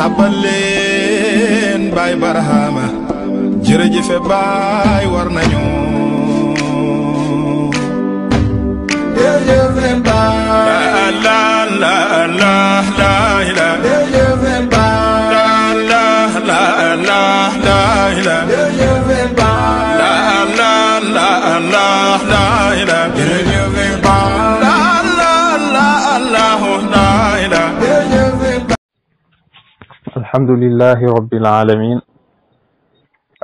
sabbal leen baay barahama jërëjëfe baay war nañu jërëjëfe baay la la la الحمد لله رب العالمين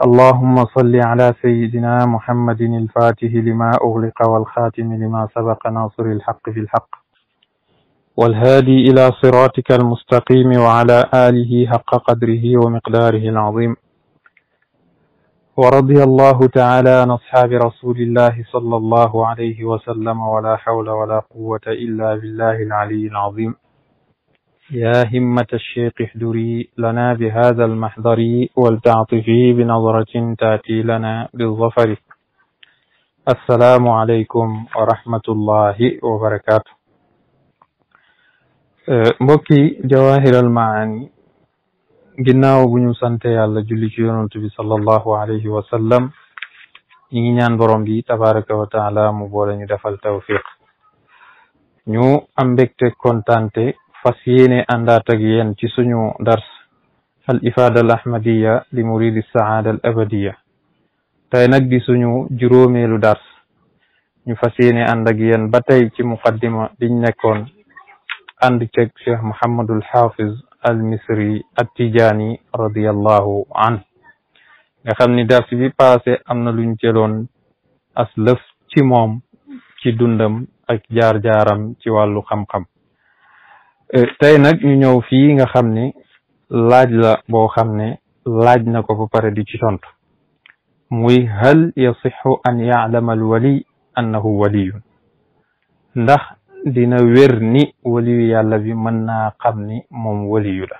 اللهم صل على سيدنا محمد الفاتح لما أغلق والخاتم لما سبق ناصر الحق في الحق والهادي إلى صراطك المستقيم وعلى آله حق قدره ومقداره العظيم ورضي الله تعالى عن أصحاب رسول الله صلى الله عليه وسلم ولا حول ولا قوة إلا بالله العلي العظيم يا همة الشيخ احذري لنا بهذا المحضر ولتعطفي بنظرة تأتي لنا بالظفر السلام عليكم ورحمة الله وبركاته بكي أه، جواهر المعاني جنا وبن سنتي على جلي صلى الله عليه وسلم نينان برمبي تبارك وتعالى مبولن دفع التوفيق نيو أمبكت كونتانتي fas yéene àndaat ak yéen ci suñu dars al ifada al ahmadiya li muridi saada al abadiya tey nag di suñu juróomeelu dars ñu fas yéene ànd ak yéen ba tey ci muqaddima diñ nekkoon ànd ceeg cheikh muhammadul hafiz al misri at tijaani radiallahu an nga xam ni dars bi passé am na lu luñ jëloon as lëf ci moom ci dundam ak jaar-jaaram ci wàllu xam-xam Eh, tey nag ñu ñëw fii nga xam ni laaj la boo xam ne laaj na ko ba pare di ci tontu muy hal yasixu an yaalama al wali annahu waliyun ndax dina wér ni waliyu yàlla bi mën naa xam ni moom waliyu la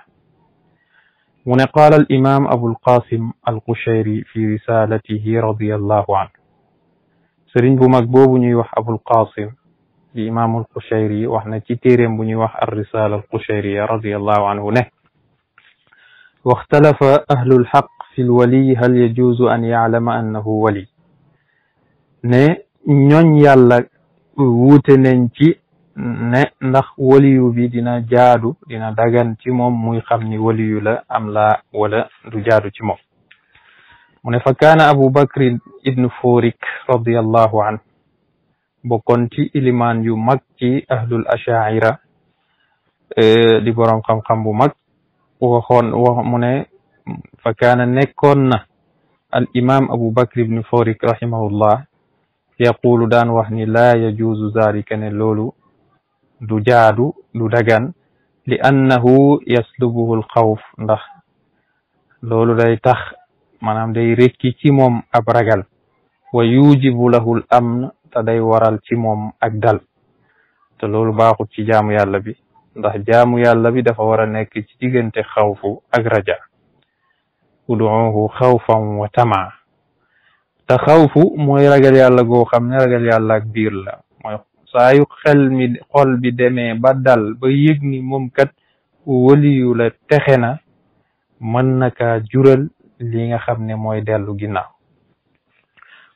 mu ne qaala al imam abul qasim al qushayri fi risalatihi radiallahu anhu sëriñ bu mag boobu ñuy wax abul qasim di imaamul Qushayri wax na ci téeréem bu ñuy wax ar risala al qushayriya radiallahu anhu ne waxtalafa ahlul xaq fi l wali hal yajuuzu an yaalama annahu wali ne ñooñ yàlla wuute nañ ci ne ndax waliyu bi dina jaadu dina dagan ci moom muy xam ni waliyu la am laa wala du jaadu ci moom mu ne fa kaana abu bakrin ibnu forik radiallahu anhu bokkoon ci ilimaan yu mag ci ahlul ashaira di boroom xam-xam bu mag waxoon wax mu ne fa kaana nekkoon na al imam abu bakr ibnu forik rahimahullah yaqulu daan wax ni laa yajuuzu zalika ne loolu du jaadu du dagan li annahu yaslubuhu al xawf ndax loolu day tax maanaam day rekki ci moom ab ragal wa yujibu lahu al amn te waral ci moom ak dal te loolu baaxut ci jaamu yàlla bi ndax jaamu yàlla bi dafa war a nekk ci diggante xawfu ak raja uduuhu xawfan wa tamaa te xawfu mooy ragal yàlla goo xam ne ragal yàlla ak biir la mooy xel mi xol bi demee ba dal ba yëg ni moom kat waliyu la texe na mën na kaa jural li nga xam ne mooy dellu ginnaaw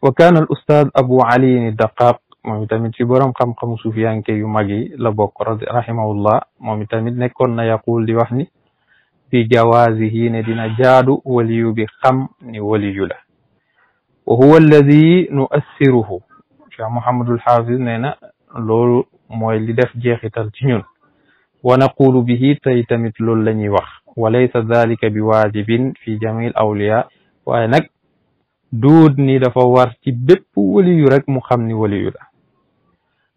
وكان الاستاذ ابو علي الدقاق مومي تاميت سي بوروم خام خامو سفيان كيو ماغي لا بوك رحمه الله مومي تاميت نيكون يقول لي واخني في جوازه ندينا جادو ولي بخم ني ولي له وهو الذي نؤثره شيخ محمد الحافظ نينا لول موي لي ديف جيخيتال سي نون ونقول به تيتمت تاميت لول لا وليس ذلك بواجب في جميع الاولياء وانك دود ني دا فا وار سي بيب وليو رك مو خامني وليو دا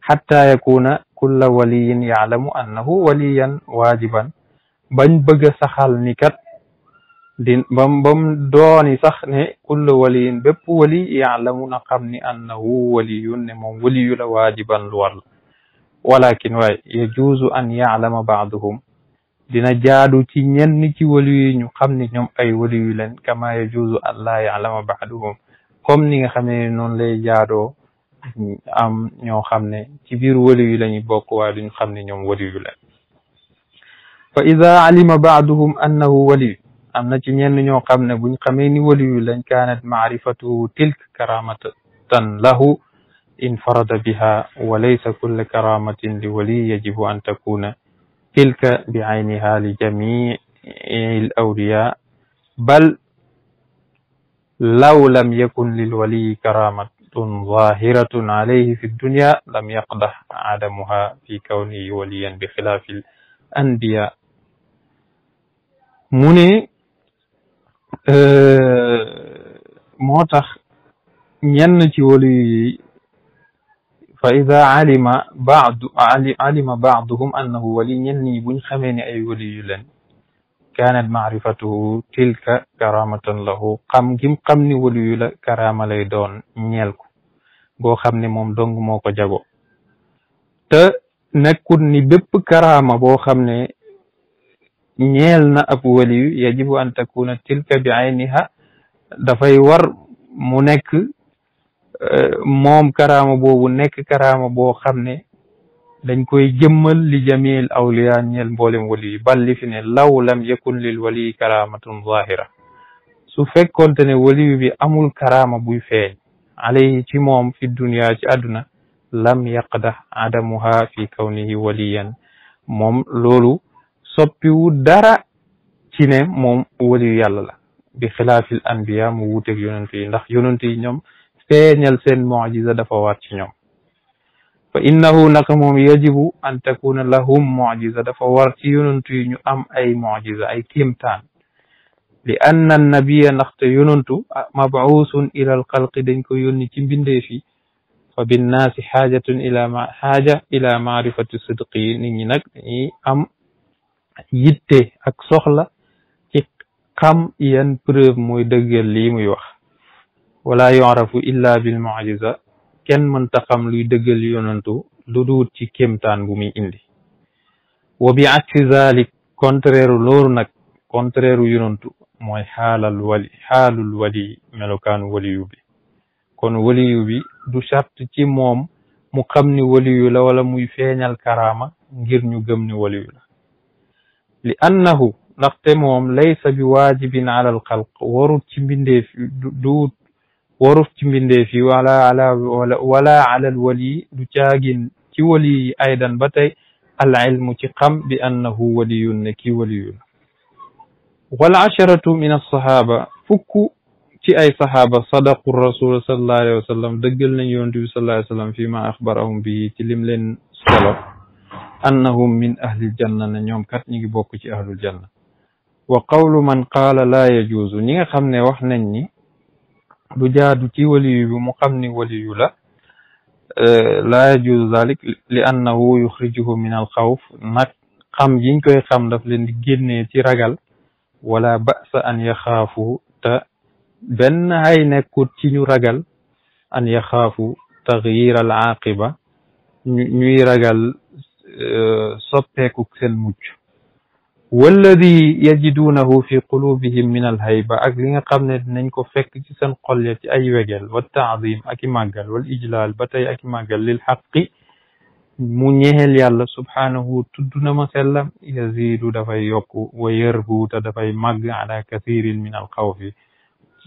حتى يكون كل ولي يعلم انه وليا واجبا بان بغا سخال ني كات دين بام بام دوني صح ني كل ولي بيب ولي يعلم نا خامني انه ولي ني مو وليو لا واجبا لوال ولكن واي يجوز ان يعلم بعضهم dina jaadu ci ñenn ci wali yi ñu xam ni ñoom ay wali yu leen kama yajuuzu an laa yaalama baaduhum comme ni nga xam ne noonu lay jaadoo am ñoo xam ne ci biir wali yu lañu bokk waaye duñu xam ne ñoom wali yu leen fa ida alima baaduhum annahu waliyu am na ci ñenn ñoo xam ne buñ xamee ni waliyu lañ kaanat maarifatuhu tilk karamatan lahu infarada biha wa laysa kulla karamatin li wali yajibu an takuna تلك بعينها لجميع الأولياء بل لو لم يكن للولي كرامة ظاهرة عليه في الدنيا لم يقدح عدمها في كونه وليا بخلاف الأنبياء موني آه، موتخ moo ولي فإذا علم بعض علم بعضهم أنه ولي ينيب خمين أي ولي لن كانت معرفته تلك كرامة له قم جم قم ولي كرامة ليدون نيلك بو خم نموم دون موكو جابو ت نكون ني بيب كرامة بو خم نيلنا أب ولي يجب أن تكون تلك بعينها دفاي ور مو نك moom karaama boobu nekk karaama boo xam ne dañ koy jëmmal li jamil awliya ñeel mboolem wali yi fi ne law lam yakun lil wali karaamatun zahira su fekkoonte ne waliyu bi amul karaama buy feeñ alayhi ci moom fi dunia ci àdduna lam yaqda adamuha fi kawnihi waliyan moom loolu soppiwu dara ci ne moom waliyu yàlla la bi xilaafil anbiya mu wuuteeg yonent yi ndax ñoom feeñal seen mujiza dafa war ci ñoom fa innahu naka moom yajibu an takuna lahum mujiza dafa war ci yi ñu am ay mujiza ay kéemtaan li anna annabiya ndaxte yonantu mabuusun ila alxalqi dañ ko yónni ci mbindeef yi fa binnaasi xaajatun ila ma xaaja ila maarifati sidqi yi nit nag am yitte ak soxla ci xam yan preuve muy dëggal lii muy wax ولا يعرف إلا بالمعجزة كن من تقام لي دقل يوننتو لدو تي كيمتان بومي إندي وبعكس ذلك كونترير لورنا كونترير يوننتو موي حال الولي حال الولي ملوكان ولي بي كون ولي بي دو شابت تي موم مو خامني ولي لا ولا موي فينال كراما غير ني گمني ولي لا لانه نختموم ليس بواجب على الخلق ورت مندي دو waruf ci mbindee fi wala ala wala ala al wali du caagin ci wali yi aydan ba tey al ilmu ci xam bi annahu waliyun ne kii waliyun wal asharatu min alsahaaba fukk ci ay sahaaba sadaqu rasul sallallahu alayhi wa sallam dëggal nañ yonent bi sallallahu alayhi wa sallam fi ma axbarahum bi ci lim leen solo annahum min ahlil janna ne ñoom kat ñi ngi bokk ci ahlul janna wa qawlu man qaala laa yajuuzu ñi nga xam ne wax nañ ni du jaadu ci wali bi mu xamni wali yu la la yajuuzu zalik li annahu yukhrijuhu min al khawf nak xam yiñ koy xam daf leen di génne ci ragal wala ba'sa an yakhafu ta ben hay nekkut ci ñu ragal an yakhafu taghyir al aqiba ñuy ragal soppeku sen muccu والذي يجدونه في قلوبهم من الهيبة أك لنا قبنا ننكو فك جسن قلية أي وجل والتعظيم أكي ما قال والإجلال بتي أكي ما قال للحق منيهل يالا سبحانه تدنا ما سلم يزيد دفع يوكو ويربو تدفع مغ على كثير من القوف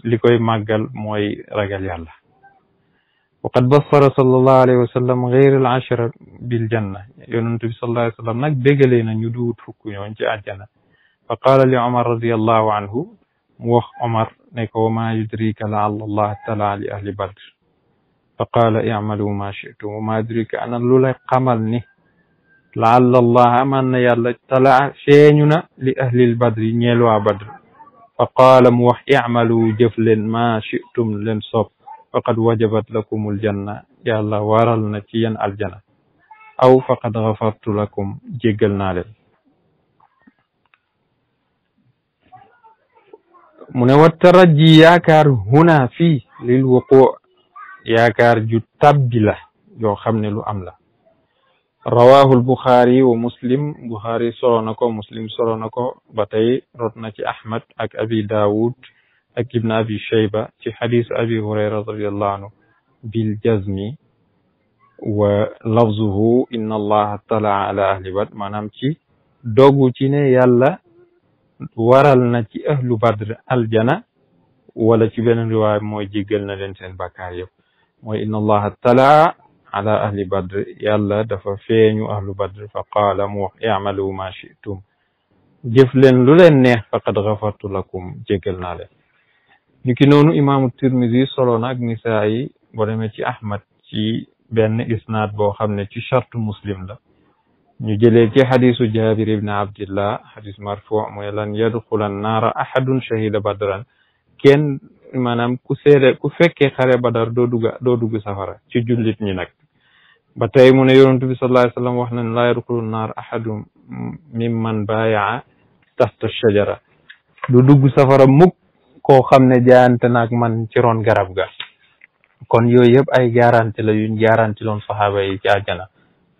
لكي ما قال موي رجل الله وقد بصر صلى الله عليه وسلم غير العشر بالجنة يونت صلى الله عليه وسلم نك بجلين يدود فكوا ونجا الجنة فقال لعمر رضي الله عنه وخ عمر نك وما يدريك لعل الله تعالى لأهل بدر فقال اعملوا ما شئتم وما أدريك أنا لولا قملني لعل الله أمن يلا تلع شيننا لأهل البدر نيلوا بدر فقال موح اعملوا جفل ما شئتم لنصب فقد وجبت لكم الجنة يا الله وارل نتيان الجنة أو فقد غفرت لكم جيجل نالل من وترجي يا كار هنا في للوقوع يا كار جتبلا جو خمني لو أملا رواه البخاري ومسلم بخاري سرونكو مسلم سرونكو بطي رتنا أحمد أك أبي داود ابن أبي شيبة في حديث أبي هريرة رضي الله عنه بالجزم ولفظه إن الله اطلع على أهل بدر maanaam ci dogu ci ne yàlla waral na ci ahlu badr aljana wala ci beneen riwaay mooy jéggal na leen seen bàkkaar yëpp mooy inna allaha tala ala ahli badr yàlla dafa feeñu ahlu badr fa qaala mu wax i'malu ma shi'tum jëf leen lu leen neex faqad ghafartu lakum jéggal naa leen ni ki noonu imaamu tirmisi solo na ak nisaayi boo demee ci ahmad ci benn isnaad boo xam ne ci chartu muslim la ñu jëlee ci xadisu jabir ibn abdillah xadis marfuu mooy lan yadxulan naara ahadun shahida badran kenn maanaam ku seede ku fekkee xare badar doo dugg dugg safara ci jullit ñi nag ba tey mu ne yonent bi sallallahu alayhi wasallam wax nañ laa yadxulun naar ahadun mimman baayaa tahta shajara du dugg safara mukk koo xam ne jaayante naag man ci roon garab ga kon yooyu yëpp ay garanti la yuñ garanti loon saxaaba yi ci àjjana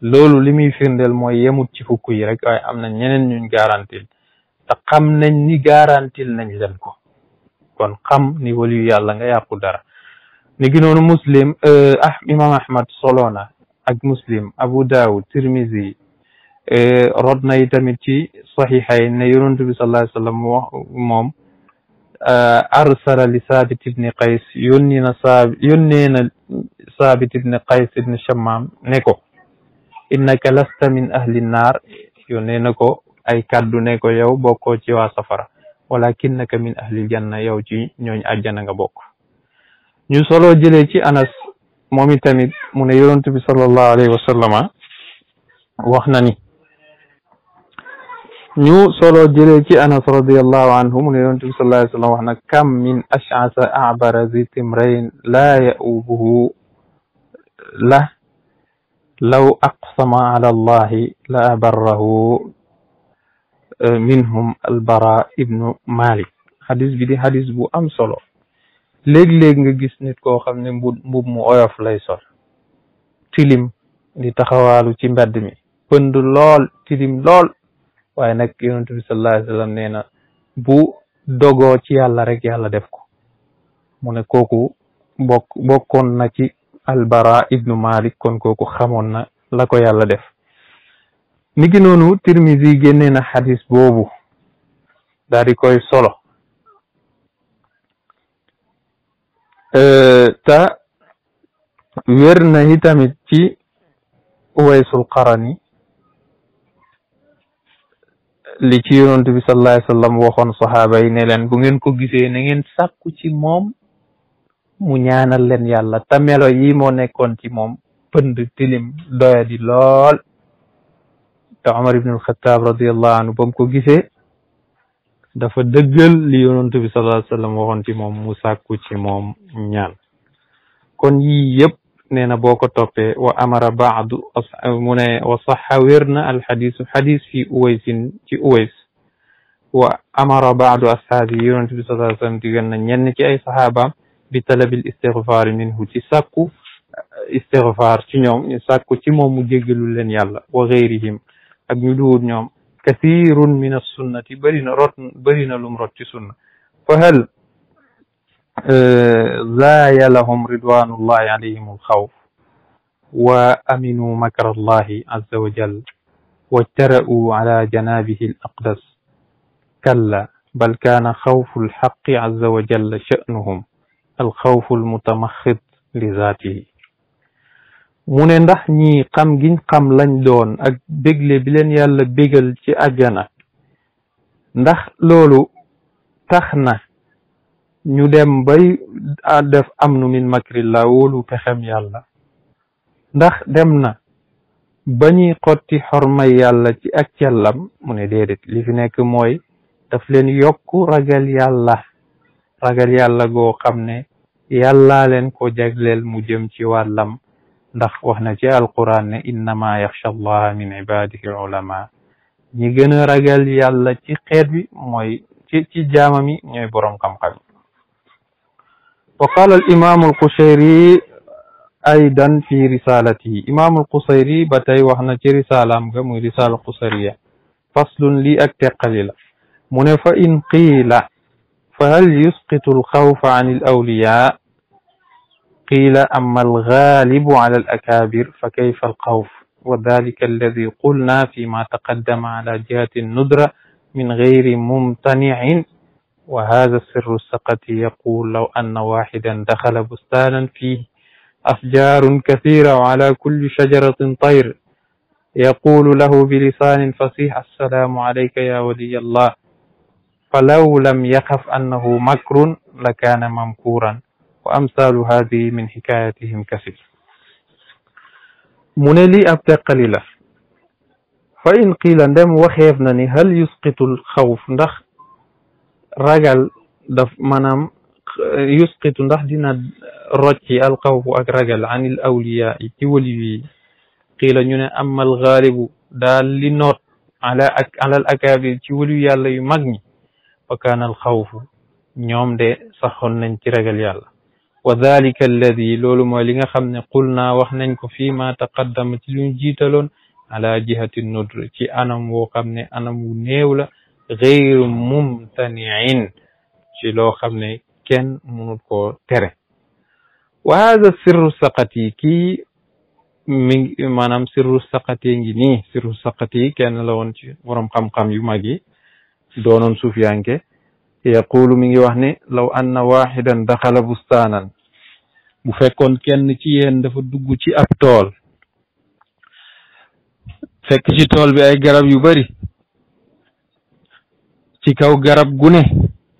loolu li muy firndeel mooy yemut ci fukk yi rek waaye am na ñeneen ñuñ garantil te xam nañ ni garantil nañ leen ko kon xam ni waliyu yàlla nga yàqu dara ni gi noonu muslim euh, ah imam ahmad solona ak muslim abu daawud tirmizi euh, rod na tamit ci saxixa yi ne yonent bi sallallahu alayhi wa moom arsala li saabit ibni qays yónni na saab yónnee na saabit ibni qays ibni chammaam ne ko innaka lasta min ahli naar yónnee na ko ay kaddu ne ko yow bokkoo ci wa safara walakinnaka min ahli janna yow ci ñooñ àjjana nga bokk ñu solo jëlee anas moom itamit mu ne yonent bi alayhi wa sallama na ni ñu solo jëlee ci anas radiallahu anhu mu ne yonent bi sallallahu alayhi wa sallam wax na kam min ash'asa a'bara zi timrayn laa ya'ubuhu lah law aqsama ala allahi la abarrahu minhum albara ibnu malik xadis bi di xadis bu am solo léeg-léeg nga gis nit koo xam ne mbub mbub mu oyof lay sol tilim di taxawaalu ci mbedd mi pënd lool tilim lool waaye nag yonent bi sallallahu wa sallam nee bu dogoo ci yàlla rek yàlla def ko mu ne kooku bokk bokkoon ci albara ibnu malik kon kooku xamoon na la ko yàlla def ni ki noonu tirmisi génnee na xadis boobu daal koy solo euh, ta wér na itamit ci uwaysul qarani li ci yonent bi sallallahu alayhi wasallam waxoon saxaaba yi ne leen bu ngeen ko gisee na ngeen sàkku ci moom mu ñaanal leen yàlla te melo yi moo nekkoon ci moom pënd tilim doyadi lool te Omar ibn al-Khattab radiyallahu anhu ba mu ko gisee dafa dëggal li yonent bi sallallahu alayhi wasallam waxoon ci moom mu sàkku ci moom ñaan kon yii neena boo ko toppee wa amara baadu mu ne wa saxa wér na alxadisu xadis fi uwaysin ci uways wa amara baadu ashaabi yonent bi sallallahu alayhi wa sallam digal na ñenn ci ay saxaabaam bi talabil istigfaari minhu ci sàkku istigfaar ci ñoom ñu sàkku ci moom mu jéggalu leen yàlla wa gayrihim ak ñu duwut ñoom kathirun min assunnati bëri na rot bëri na lum rot ci sunna fa hal آه، لهم رضوان الله عليهم الخوف وأمنوا مكر الله عز وجل واجترأوا على جنابه الأقدس كلا بل كان خوف الحق عز وجل شأنهم الخوف المتمخض لذاته من ne ني ñi xam giñ لن دون اك بيغلي بلن bi بيغل تي bégal ci لولو ndax ñu dem bay def am nu min makrilla wolu pexem yàlla ndax dem na ba ñuy xotti xormay yàlla ci ak cellam mu ne déedéet li nekk mooy daf leen yokk ragal yàlla ragal yàlla goo xam ne yàllaa leen ko jagleel mu jëm ci wàllam ndax wax na ci alquran ne innama yaxsha allaha min ibadihi ulama ñi gën a ragal yàlla ci xeet bi mooy ci ci jaamami ñooy boroom xam-xam وقال الإمام القشيري أيضا في رسالته إمام القشيري باتاي وحنا في رسالة مغمو رسالة قشيرية فصل لي أكتر قليلا من فإن قيل فهل يسقط الخوف عن الأولياء قيل أما الغالب على الأكابر فكيف الخوف وذلك الذي قلنا فيما تقدم على جهة الندرة من غير ممتنع وهذا السر السقطي يقول لو أن واحدا دخل بستانا فيه أشجار كثيرة وعلى كل شجرة طير يقول له بلسان فصيح السلام عليك يا ولي الله فلو لم يخف أنه مكر لكان ممكورا وأمثال هذه من حكايتهم كثير لي أبدا قليلا فإن قيل ندم وخيفنا هل يسقط الخوف نخ ragal daf maanaam yusqitu ndax dina rocci alxawfu ak ragal an il awliya yi ci waliyu yi qiila ñu ne amma al xaalibu daal li noot ala ak alal akaabir ci waliyu yàlla yu mag ñi fa kaana al xawfu ñoom de saxoon nañ ci ragal yàlla wa dalika alladi loolu mooy li nga xam ne qul naa wax nañ ko fii ma taqaddama ci lu ñu jiitaloon ala jihati nudr ci anam woo xam ne anam wu néew la xeyru mumtaniin ci loo xam ne kenn mënul koo tere wa hada sirru saqati kii mi ngi maanaam sirru saqati ngi nii sirru saqati kenn la woon ci borom xam-xam yu mag yi doonoon suufiyanke yaqulu mi ngi wax ne law anna waxidan daxala bustaanan bu fekkoon kenn ci yéen dafa dugg ci ab tool fekk ci tool bi ay garab yu bari ci kaw garab gu ne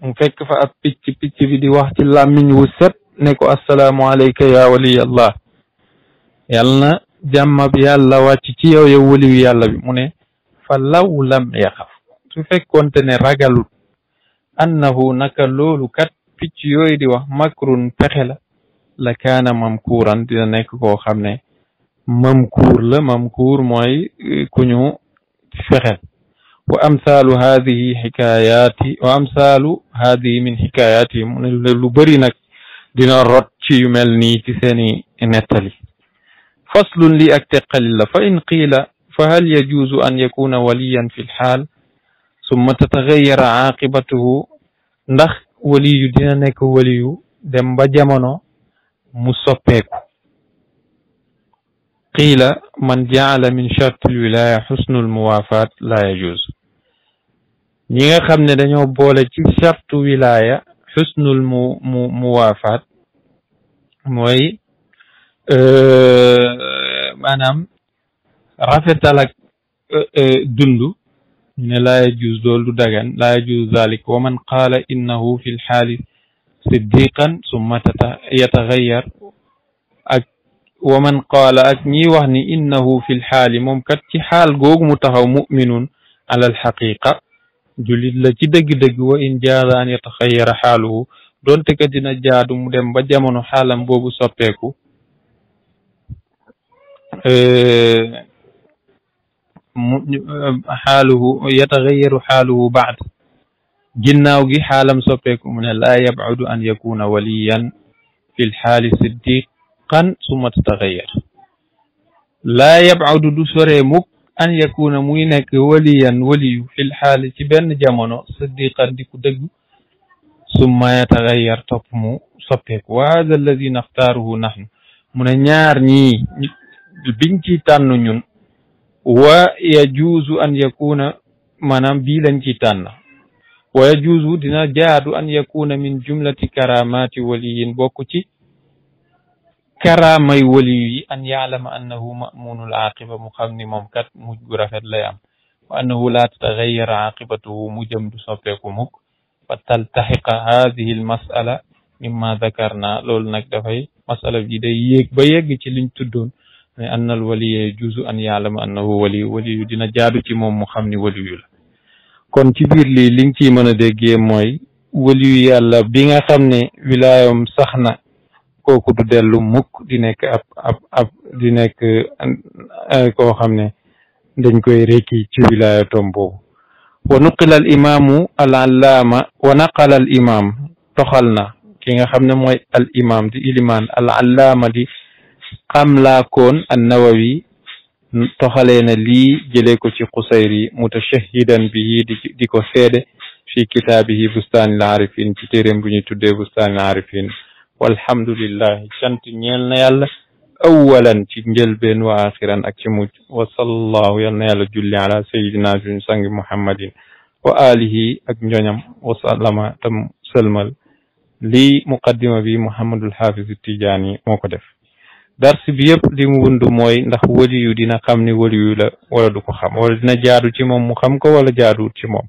mu fekk fa ab picc picc bi di wax ci wu set ne ko assalaamu alayka ya waliy allah yal na jàmmab yàlla wàcc ci yow yow waliyu yàlla bi mu ne fa law lam yaxaf su fekkoonte ne ragalut annahu naka loolu kat picc yooyu di wax makrun pexe la la kaana mamkuuran dina nekk koo xam ne mamkuur la mamkuur mooy eh, kuñu fexel وأمثال هذه حكايات وأمثال هذه من حكايات من ne دينا bëri يملني dina نتلي فصل لي ak teqali فإن قيل فهل يجوز أن يكون وليا في الحال ثم تتغير عاقبته نخ ولي dina nekk waliyu dem ba jamono قيل من جعل من شرط الولاية حسن الموافات لا يجوز ñi nga xam ne dañoo boole ci sartu wilaaya xusnul mu mu muwaafaat mooy maanaam rafetal ak dund ñu ne laa yajuuz loolu du dagan laa yajuuz zalik wa man qaala innahu fi lxaali siddiqan summa yataxayyar ak wa man qaala ak ñi wax ni innahu fi lxaali moom kat ci xaal googu mu taxaw muminun ala alxaqiqa jullit la ci dëgg-dëgg wa in jaaza an yataxayyara xaaluhu doonte ka dina jaadu mu dem ba jamono xaalam boobu soppeeku eh, mu eh, xaaluhu yataxayyaru xaaluhu baad ginnaaw gi xaalam soppeeku mu ne laa yabcudu an yakuna waliyan fi lxaali siddiqan summa tataxayyar laa yabcudu du soree an yakuna muy nekk waliyan waliyu fil xaali ci benn jamono sadiqan di ku dëgg summa yataxayyar topp mu soppeeku wa hada alladi naxtaaruhu nahnu mu ne ñaar ñii biñ ci tànn ñun wa yajuuzu an yakuna maanaam bii lañ ci tànn wa yajuuzu dina jaadu an yakuna min jumlati karamati waliyin bokk ci karaamay waliyu yi an yaalama annahu mamunul aqiba mu xam ni moom kat mujj gu rafet lay am wa annahu laa tatagayara aqibatuhu mu jëm du soppeeku mukk fa taltaxiqa haadihi al masala mimma dakarna loolu nag dafay masala bi day yéeg ba yeg ci liñ tuddoon mais anna al waliya yajuuzu an yaalama annahu waliyu dina jaadu ci moom mu xam ni waliyu la kon ci biir lii liñ ciy mën a mooy waliyu yàlla bi nga xam ne wilaayam sax na kooku du dellu mukk di nekk ab nekk eh, koo xam ne dañ koy rekki ci wilayatom boobu wa nuqila al imaamu al allaama wa naqala al imaam toxal na ki nga xam ne mooy al imaam di ilimaan al allaama di xam laa koon an nawawi toxalee na lii jëlee ko ci xusayri mutashahidan bihi di di ko seede fi kitaabihi bustaanil arifin ci téeréem bu ñuy tuddee bustaanil arifin والحمد لله شنت نيل نيل أولا تنجل بين وآخرا أكشموت وصلى الله نيل جل على سيدنا جنسان محمد وآله أكجنم وسلم تم لي مقدمة بي محمد الحافظ التجاني موكدف درس بيب لي موند موي ناخ ولي يودينا خامني ولي يولا ولا دوكو خام ولا دينا جادو تي موم مو خامكو ولا جادو تي موم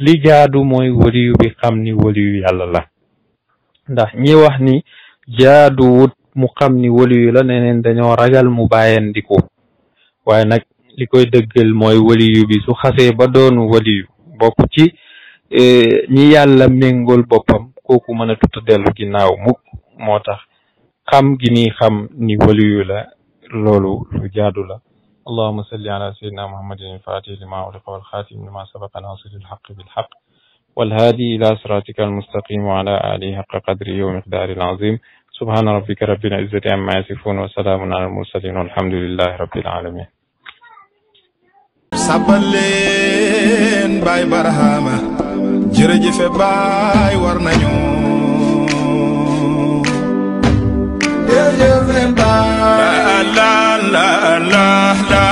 لي جادو موي ولي يوبي خامني ولي يالله ndax ñi wax ni jaaduwut mu xam ni waliyu la neneen dañoo ragal mu bàyyandiku waaye nag li koy dëggal mooy waliyu bi su xasee ba doon waliyu bokk ci e, ñi yàlla méngool boppam kooku mën a tuta dellu ginnaaw mukk moo tax xam gi ni xam ni waliyu la loolu lu jaadu la allahuma salli ala sayyidina muhammadin il fatih lima uliqa walxatim lima sabaqa nasiril haqq bil haqq والهادي إلى صراطك المستقيم وعلى آله حق قدره ومقداره العظيم سبحان ربك رب العزة عما يصفون وسلام على المرسلين والحمد لله رب العالمين سبلين باي برهاما جرجي في باي ورنيو جرجي في باي لا لا لا لا